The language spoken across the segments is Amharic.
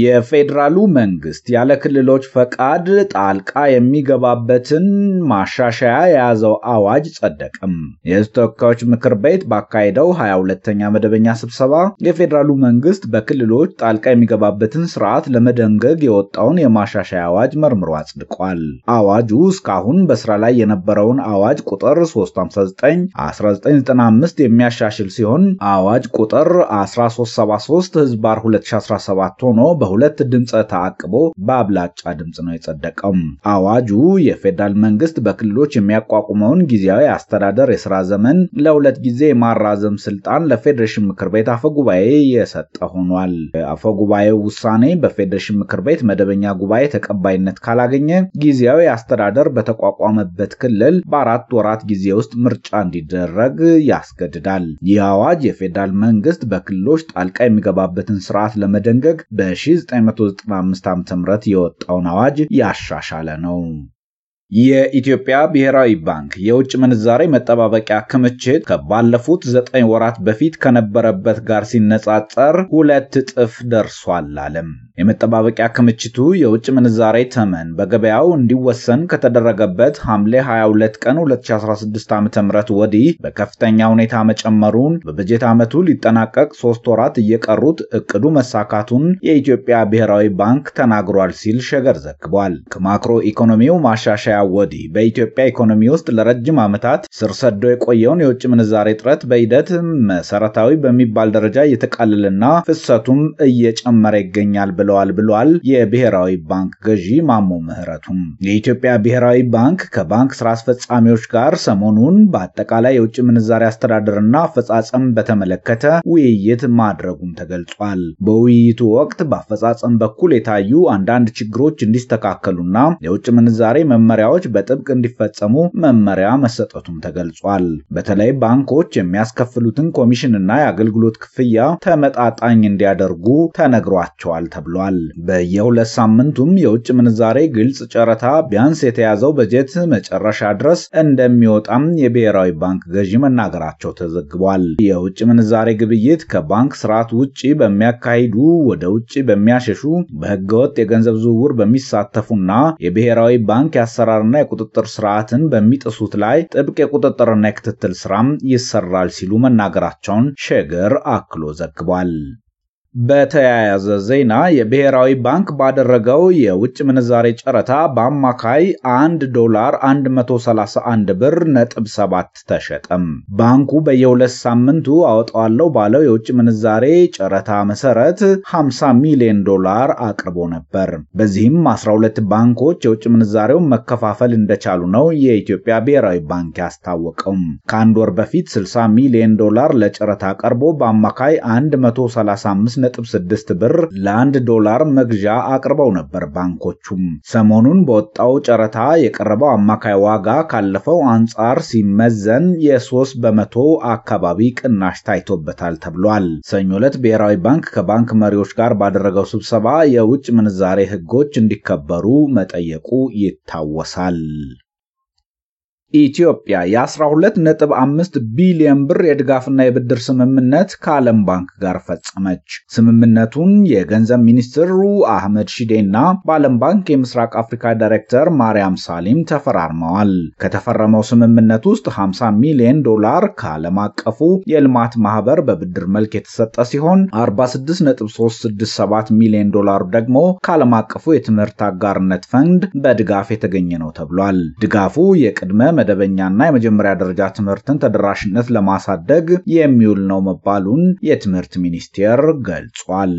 የፌዴራሉ መንግስት ያለ ክልሎች ፈቃድ ጣልቃ የሚገባበትን ማሻሻያ የያዘው አዋጅ ጸደቅም። የህዝብ ተወካዮች ምክር ቤት ባካሄደው 22ተኛ መደበኛ ስብሰባ የፌዴራሉ መንግስት በክልሎች ጣልቃ የሚገባበትን ስርዓት ለመደንገግ የወጣውን የማሻሻያ አዋጅ መርምሮ አጽድቋል። አዋጁ እስካሁን በስራ ላይ የነበረውን አዋጅ ቁጥር 359/1995 የሚያሻሽል ሲሆን አዋጅ ቁጥር 1373 ህዝባር 2017 ሆኖ በሁለት ድምፅ ተአቅቦ በአብላጫ ድምፅ ነው የጸደቀው። አዋጁ የፌዴራል መንግስት በክልሎች የሚያቋቁመውን ጊዜያዊ አስተዳደር የስራ ዘመን ለሁለት ጊዜ የማራዘም ስልጣን ለፌዴሬሽን ምክር ቤት አፈጉባኤ የሰጠ ሆኗል። አፈ ጉባኤው ውሳኔ በፌዴሬሽን ምክር ቤት መደበኛ ጉባኤ ተቀባይነት ካላገኘ ጊዜያዊ አስተዳደር በተቋቋመበት ክልል በአራት ወራት ጊዜ ውስጥ ምርጫ እንዲደረግ ያስገድዳል። ይህ አዋጅ የፌዴራል መንግስት በክልሎች ጣልቃ የሚገባበትን ስርዓት ለመደንገግ በሺ 1995 ዓ.ም የወጣውን አዋጅ ያሻሻለ ነው። የኢትዮጵያ ብሔራዊ ባንክ የውጭ ምንዛሬ መጠባበቂያ ክምችት ከባለፉት ዘጠኝ ወራት በፊት ከነበረበት ጋር ሲነጻጸር ሁለት እጥፍ ደርሷል አለም። የመጠባበቂያ ክምችቱ የውጭ ምንዛሬ ተመን በገበያው እንዲወሰን ከተደረገበት ሐምሌ 22 ቀን 2016 ዓ.ም ወዲህ በከፍተኛ ሁኔታ መጨመሩን፣ በበጀት ዓመቱ ሊጠናቀቅ ሶስት ወራት እየቀሩት እቅዱ መሳካቱን የኢትዮጵያ ብሔራዊ ባንክ ተናግሯል ሲል ሸገር ዘግቧል። ከማክሮ ኢኮኖሚው ማሻሻያ ወዲህ በኢትዮጵያ ኢኮኖሚ ውስጥ ለረጅም ዓመታት ስር ሰዶ የቆየውን የውጭ ምንዛሬ እጥረት በሂደት መሰረታዊ በሚባል ደረጃ እየተቃለለና ፍሰቱም እየጨመረ ይገኛል ብለዋል ብሏል የብሔራዊ ባንክ ገዢ ማሞ ምህረቱም። የኢትዮጵያ ብሔራዊ ባንክ ከባንክ ስራ አስፈጻሚዎች ጋር ሰሞኑን በአጠቃላይ የውጭ ምንዛሬ አስተዳደርና አፈጻጸም በተመለከተ ውይይት ማድረጉም ተገልጿል። በውይይቱ ወቅት በአፈጻጸም በኩል የታዩ አንዳንድ ችግሮች እንዲስተካከሉና የውጭ ምንዛሬ መመሪያ መመሪያዎች በጥብቅ እንዲፈጸሙ መመሪያ መሰጠቱም ተገልጿል። በተለይ ባንኮች የሚያስከፍሉትን ኮሚሽንና የአገልግሎት ክፍያ ተመጣጣኝ እንዲያደርጉ ተነግሯቸዋል ተብሏል። በየሁለት ሳምንቱም የውጭ ምንዛሬ ግልጽ ጨረታ ቢያንስ የተያዘው በጀት መጨረሻ ድረስ እንደሚወጣም የብሔራዊ ባንክ ገዢ መናገራቸው ተዘግቧል። የውጭ ምንዛሬ ግብይት ከባንክ ስርዓት ውጭ በሚያካሂዱ ወደ ውጭ በሚያሸሹ በህገወጥ የገንዘብ ዝውውር በሚሳተፉና የብሔራዊ ባንክ ያሰራ አሰራርና የቁጥጥር ስርዓትን በሚጥሱት ላይ ጥብቅ የቁጥጥርና የክትትል ስራም ይሰራል ሲሉ መናገራቸውን ሸገር አክሎ ዘግቧል። በተያያዘ ዜና የብሔራዊ ባንክ ባደረገው የውጭ ምንዛሬ ጨረታ በአማካይ 1 ዶላር 131 ብር ነጥብ 7 ተሸጠም። ባንኩ በየሁለት ሳምንቱ አወጣዋለሁ ባለው የውጭ ምንዛሬ ጨረታ መሰረት 50 ሚሊዮን ዶላር አቅርቦ ነበር። በዚህም 12 ባንኮች የውጭ ምንዛሬውን መከፋፈል እንደቻሉ ነው የኢትዮጵያ ብሔራዊ ባንክ ያስታወቀው። ከአንድ ወር በፊት 60 ሚሊዮን ዶላር ለጨረታ ቀርቦ በአማካይ 135 6.6 ብር ለአንድ ዶላር መግዣ አቅርበው ነበር። ባንኮቹም ሰሞኑን በወጣው ጨረታ የቀረበው አማካይ ዋጋ ካለፈው አንጻር ሲመዘን የ3 በመቶ አካባቢ ቅናሽ ታይቶበታል ተብሏል። ሰኞ ዕለት ብሔራዊ ባንክ ከባንክ መሪዎች ጋር ባደረገው ስብሰባ የውጭ ምንዛሬ ሕጎች እንዲከበሩ መጠየቁ ይታወሳል። ኢትዮጵያ የ12.5 ቢሊዮን ብር የድጋፍና የብድር ስምምነት ከዓለም ባንክ ጋር ፈጸመች። ስምምነቱን የገንዘብ ሚኒስትሩ አህመድ ሺዴና በዓለም ባንክ የምስራቅ አፍሪካ ዳይሬክተር ማርያም ሳሊም ተፈራርመዋል። ከተፈረመው ስምምነት ውስጥ 50 ሚሊዮን ዶላር ከዓለም አቀፉ የልማት ማህበር በብድር መልክ የተሰጠ ሲሆን 46367 ሚሊዮን ዶላሩ ደግሞ ከዓለም አቀፉ የትምህርት አጋርነት ፈንድ በድጋፍ የተገኘ ነው ተብሏል። ድጋፉ የቅድመ የመደበኛና የመጀመሪያ ደረጃ ትምህርትን ተደራሽነት ለማሳደግ የሚውል ነው መባሉን የትምህርት ሚኒስቴር ገልጿል።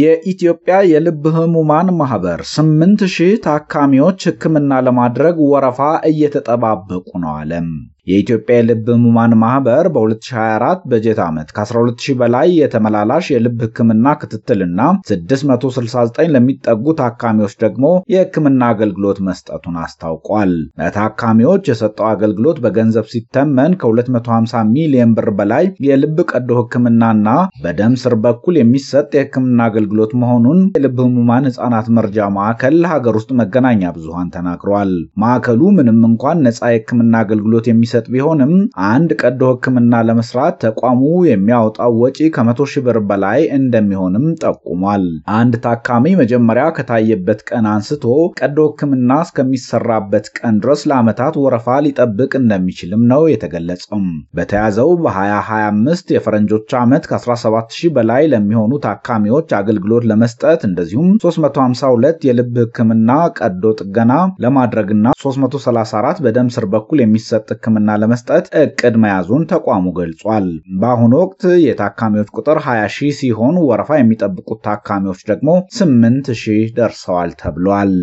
የኢትዮጵያ የልብ ህሙማን ማህበር ስምንት ሺህ ታካሚዎች ሕክምና ለማድረግ ወረፋ እየተጠባበቁ ነው አለም። የኢትዮጵያ የልብ ህሙማን ማህበር በ2024 በጀት ዓመት ከ12000 በላይ የተመላላሽ የልብ ህክምና ክትትልና 669 ለሚጠጉ ታካሚዎች ደግሞ የህክምና አገልግሎት መስጠቱን አስታውቋል። ለታካሚዎች የሰጠው አገልግሎት በገንዘብ ሲተመን ከ250 ሚሊዮን ብር በላይ የልብ ቀዶ ህክምናና በደም ስር በኩል የሚሰጥ የህክምና አገልግሎት መሆኑን የልብ ህሙማን ህጻናት መርጃ ማዕከል ለሀገር ውስጥ መገናኛ ብዙሃን ተናግሯል። ማዕከሉ ምንም እንኳን ነፃ የህክምና አገልግሎት የሚ። የሚሰጥ ቢሆንም አንድ ቀዶ ሕክምና ለመስራት ተቋሙ የሚያወጣው ወጪ ከመቶ ሺህ ብር በላይ እንደሚሆንም ጠቁሟል። አንድ ታካሚ መጀመሪያ ከታየበት ቀን አንስቶ ቀዶ ሕክምና እስከሚሰራበት ቀን ድረስ ለዓመታት ወረፋ ሊጠብቅ እንደሚችልም ነው የተገለጸው። በተያዘው በ2025 የፈረንጆች ዓመት ከ17 ሺህ በላይ ለሚሆኑ ታካሚዎች አገልግሎት ለመስጠት እንደዚሁም 352 የልብ ሕክምና ቀዶ ጥገና ለማድረግና 334 በደም ስር በኩል የሚሰጥ ሕክምና ሕክምና ለመስጠት እቅድ መያዙን ተቋሙ ገልጿል። በአሁኑ ወቅት የታካሚዎች ቁጥር 20 ሺህ ሲሆን ወረፋ የሚጠብቁት ታካሚዎች ደግሞ 8 ሺህ ደርሰዋል ተብሏል።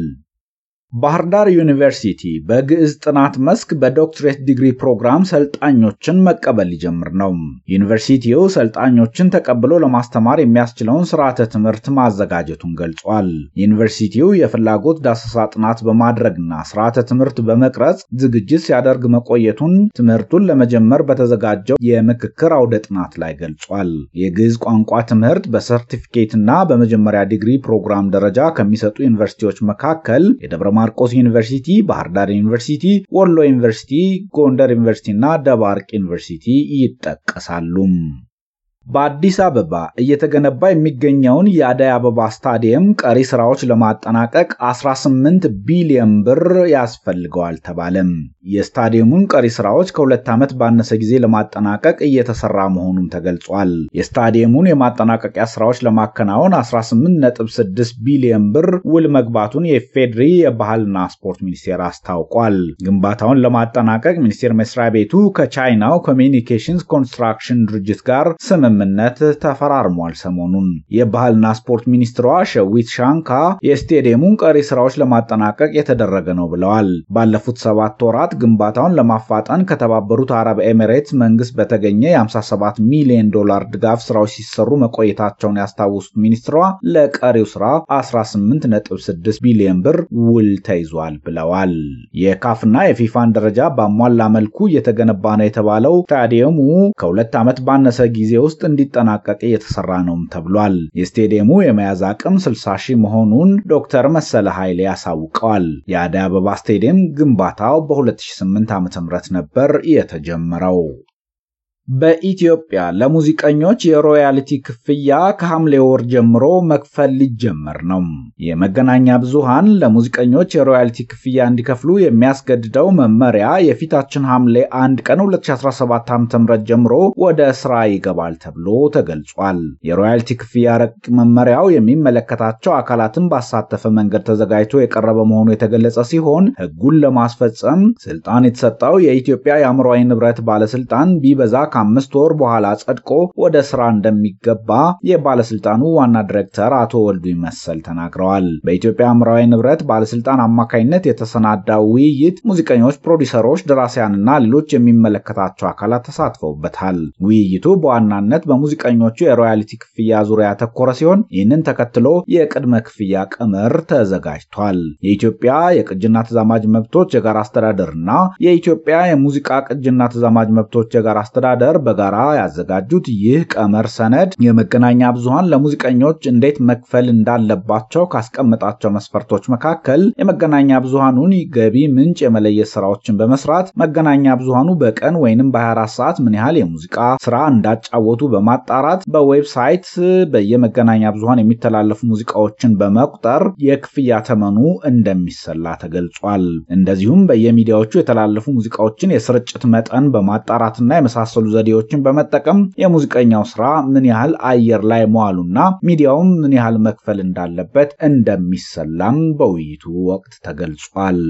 ባህር ዳር ዩኒቨርሲቲ በግዕዝ ጥናት መስክ በዶክትሬት ዲግሪ ፕሮግራም ሰልጣኞችን መቀበል ሊጀምር ነው። ዩኒቨርሲቲው ሰልጣኞችን ተቀብሎ ለማስተማር የሚያስችለውን ስርዓተ ትምህርት ማዘጋጀቱን ገልጿል። ዩኒቨርሲቲው የፍላጎት ዳሰሳ ጥናት በማድረግና ስርዓተ ትምህርት በመቅረጽ ዝግጅት ሲያደርግ መቆየቱን ትምህርቱን ለመጀመር በተዘጋጀው የምክክር አውደ ጥናት ላይ ገልጿል። የግዕዝ ቋንቋ ትምህርት በሰርቲፊኬትና በመጀመሪያ ዲግሪ ፕሮግራም ደረጃ ከሚሰጡ ዩኒቨርሲቲዎች መካከል የደብረ ማርቆስ ዩኒቨርሲቲ፣ ባህር ዳር ዩኒቨርሲቲ፣ ወሎ ዩኒቨርሲቲ፣ ጎንደር ዩኒቨርሲቲ እና ደባርቅ ዩኒቨርሲቲ ይጠቀሳሉ። በአዲስ አበባ እየተገነባ የሚገኘውን የአደይ አበባ ስታዲየም ቀሪ ስራዎች ለማጠናቀቅ 18 ቢሊዮን ብር ያስፈልገዋል ተባለም። የስታዲየሙን ቀሪ ስራዎች ከሁለት ዓመት ባነሰ ጊዜ ለማጠናቀቅ እየተሰራ መሆኑን ተገልጿል። የስታዲየሙን የማጠናቀቂያ ስራዎች ለማከናወን 18.6 ቢሊዮን ብር ውል መግባቱን የፌድሪ የባህልና ስፖርት ሚኒስቴር አስታውቋል። ግንባታውን ለማጠናቀቅ ሚኒስቴር መስሪያ ቤቱ ከቻይናው ኮሚኒኬሽንስ ኮንስትራክሽን ድርጅት ጋር ስምም ስምምነት ተፈራርሟል። ሰሞኑን የባህልና ስፖርት ሚኒስትሯ ሸዊት ሻንካ የስቴዲየሙን ቀሪ ስራዎች ለማጠናቀቅ የተደረገ ነው ብለዋል። ባለፉት ሰባት ወራት ግንባታውን ለማፋጠን ከተባበሩት አረብ ኤሚሬትስ መንግስት በተገኘ የ57 ሚሊዮን ዶላር ድጋፍ ስራዎች ሲሰሩ መቆየታቸውን ያስታውሱት ሚኒስትሯ ለቀሪው ስራ 18.6 ቢሊዮን ብር ውል ተይዟል ብለዋል። የካፍና የፊፋን ደረጃ ባሟላ መልኩ እየተገነባ ነው የተባለው ስታዲየሙ ከሁለት ዓመት ባነሰ ጊዜ ውስጥ እንዲጠናቀቅ እየተሰራ ነውም ተብሏል። የስቴዲየሙ የመያዝ አቅም 60 ሺህ መሆኑን ዶክተር መሰለ ኃይሌ ያሳውቀዋል። የአደይ አበባ ስቴዲየም ግንባታው በ2008 ዓ.ም ነበር የተጀመረው። በኢትዮጵያ ለሙዚቀኞች የሮያልቲ ክፍያ ከሐምሌ ወር ጀምሮ መክፈል ሊጀመር ነው። የመገናኛ ብዙሃን ለሙዚቀኞች የሮያልቲ ክፍያ እንዲከፍሉ የሚያስገድደው መመሪያ የፊታችን ሐምሌ 1 ቀን 2017 ዓ.ም ጀምሮ ወደ ስራ ይገባል ተብሎ ተገልጿል። የሮያልቲ ክፍያ ረቂቅ መመሪያው የሚመለከታቸው አካላትን ባሳተፈ መንገድ ተዘጋጅቶ የቀረበ መሆኑ የተገለጸ ሲሆን ሕጉን ለማስፈጸም ስልጣን የተሰጠው የኢትዮጵያ የአእምሯዊ ንብረት ባለስልጣን ቢበዛ ከአምስት ወር በኋላ ጸድቆ ወደ ስራ እንደሚገባ የባለስልጣኑ ዋና ዲሬክተር አቶ ወልዱ ይመሰል ተናግረዋል። በኢትዮጵያ አእምሯዊ ንብረት ባለስልጣን አማካኝነት የተሰናዳው ውይይት ሙዚቀኞች፣ ፕሮዲሰሮች፣ ደራሲያንና ሌሎች የሚመለከታቸው አካላት ተሳትፈውበታል። ውይይቱ በዋናነት በሙዚቀኞቹ የሮያልቲ ክፍያ ዙሪያ ያተኮረ ሲሆን ይህንን ተከትሎ የቅድመ ክፍያ ቀመር ተዘጋጅቷል። የኢትዮጵያ የቅጅና ተዛማጅ መብቶች የጋራ አስተዳደርና የኢትዮጵያ የሙዚቃ ቅጅና ተዛማጅ መብቶች የጋራ አስተዳደር ማህበር በጋራ ያዘጋጁት ይህ ቀመር ሰነድ የመገናኛ ብዙሃን ለሙዚቀኞች እንዴት መክፈል እንዳለባቸው ካስቀመጣቸው መስፈርቶች መካከል የመገናኛ ብዙሃኑን ገቢ ምንጭ የመለየት ስራዎችን በመስራት መገናኛ ብዙሃኑ በቀን ወይንም በ24 ሰዓት ምን ያህል የሙዚቃ ስራ እንዳጫወቱ በማጣራት በዌብሳይት በየመገናኛ ብዙሃን የሚተላለፉ ሙዚቃዎችን በመቁጠር የክፍያ ተመኑ እንደሚሰላ ተገልጿል። እንደዚሁም በየሚዲያዎቹ የተላለፉ ሙዚቃዎችን የስርጭት መጠን በማጣራትና የመሳሰሉ ዘዴዎችን በመጠቀም የሙዚቀኛው ስራ ምን ያህል አየር ላይ መዋሉና ሚዲያውም ምን ያህል መክፈል እንዳለበት እንደሚሰላም በውይይቱ ወቅት ተገልጿል።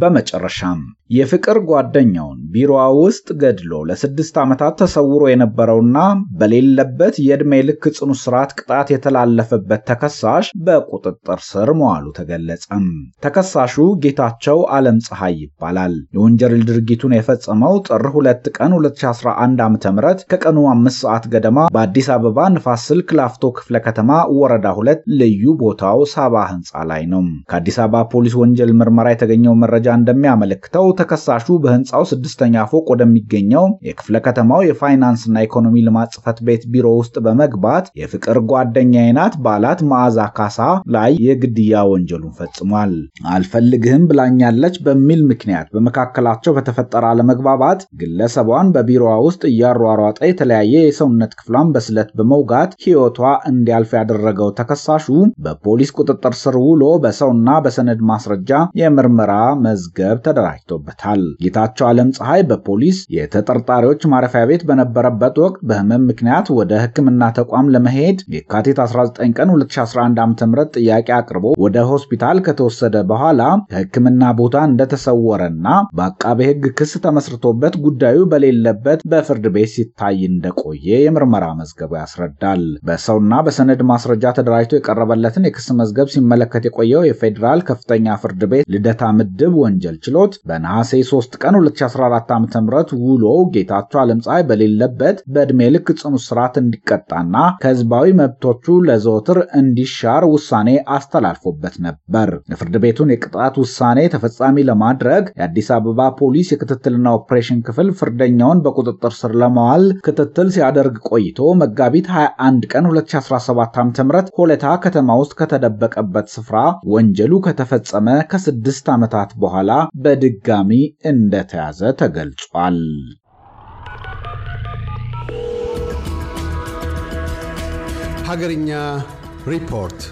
በመጨረሻም የፍቅር ጓደኛውን ቢሮዋ ውስጥ ገድሎ ለስድስት ዓመታት ተሰውሮ የነበረውና በሌለበት የዕድሜ ልክ ጽኑ እስራት ቅጣት የተላለፈበት ተከሳሽ በቁጥጥር ስር መዋሉ ተገለጸም። ተከሳሹ ጌታቸው ዓለም ፀሐይ ይባላል። የወንጀል ድርጊቱን የፈጸመው ጥር 2 ቀን 2011 ዓ.ም ከቀኑ 5 ሰዓት ገደማ በአዲስ አበባ ንፋስ ስልክ ላፍቶ ክፍለ ከተማ ወረዳ 2 ልዩ ቦታው ሳባ ሕንፃ ላይ ነው። ከአዲስ አበባ ፖሊስ ወንጀል ምርመራ የተገኘው መረጃ እንደሚያመለክተው ተከሳሹ በህንፃው ስድስተኛ ፎቅ ወደሚገኘው የክፍለ ከተማው የፋይናንስና ኢኮኖሚ ልማት ጽፈት ቤት ቢሮ ውስጥ በመግባት የፍቅር ጓደኛዬ ናት ባላት መዓዛ ካሳ ላይ የግድያ ወንጀሉን ፈጽሟል። አልፈልግህም ብላኛለች በሚል ምክንያት በመካከላቸው በተፈጠረ አለመግባባት ግለሰቧን በቢሮዋ ውስጥ እያሯሯጠ የተለያየ የሰውነት ክፍሏን በስለት በመውጋት ህይወቷ እንዲያልፍ ያደረገው ተከሳሹ በፖሊስ ቁጥጥር ስር ውሎ በሰውና በሰነድ ማስረጃ የምርመራ መዝገብ ተደራጅቶበታል። ጌታቸው ዓለም ፀሐይ በፖሊስ የተጠርጣሪዎች ማረፊያ ቤት በነበረበት ወቅት በህመም ምክንያት ወደ ሕክምና ተቋም ለመሄድ የካቲት 19 ቀን 2011 ዓ.ም ጥያቄ አቅርቦ ወደ ሆስፒታል ከተወሰደ በኋላ ከሕክምና ቦታ እንደተሰወረና በአቃቤ ሕግ ክስ ተመስርቶበት ጉዳዩ በሌለበት በፍርድ ቤት ሲታይ እንደቆየ የምርመራ መዝገቡ ያስረዳል። በሰውና በሰነድ ማስረጃ ተደራጅቶ የቀረበለትን የክስ መዝገብ ሲመለከት የቆየው የፌዴራል ከፍተኛ ፍርድ ቤት ልደታ ምድብ የመደብ ወንጀል ችሎት በነሐሴ 3 ቀን 2014 ዓ.ም ውሎ ጌታቸው ፀሐይ በሌለበት በዕድሜ ልክ ጽኑ እስራት እንዲቀጣና ከህዝባዊ መብቶቹ ለዘወትር እንዲሻር ውሳኔ አስተላልፎበት ነበር። የፍርድ ቤቱን የቅጣት ውሳኔ ተፈጻሚ ለማድረግ የአዲስ አበባ ፖሊስ የክትትልና ኦፕሬሽን ክፍል ፍርደኛውን በቁጥጥር ስር ለማዋል ክትትል ሲያደርግ ቆይቶ መጋቢት 21 ቀን 2017 ዓ.ም ሆለታ ከተማ ውስጥ ከተደበቀበት ስፍራ ወንጀሉ ከተፈጸመ ከስድስት ዓመታት በኋላ በድጋሚ እንደተያዘ ተገልጿል። ሀገርኛ ሪፖርት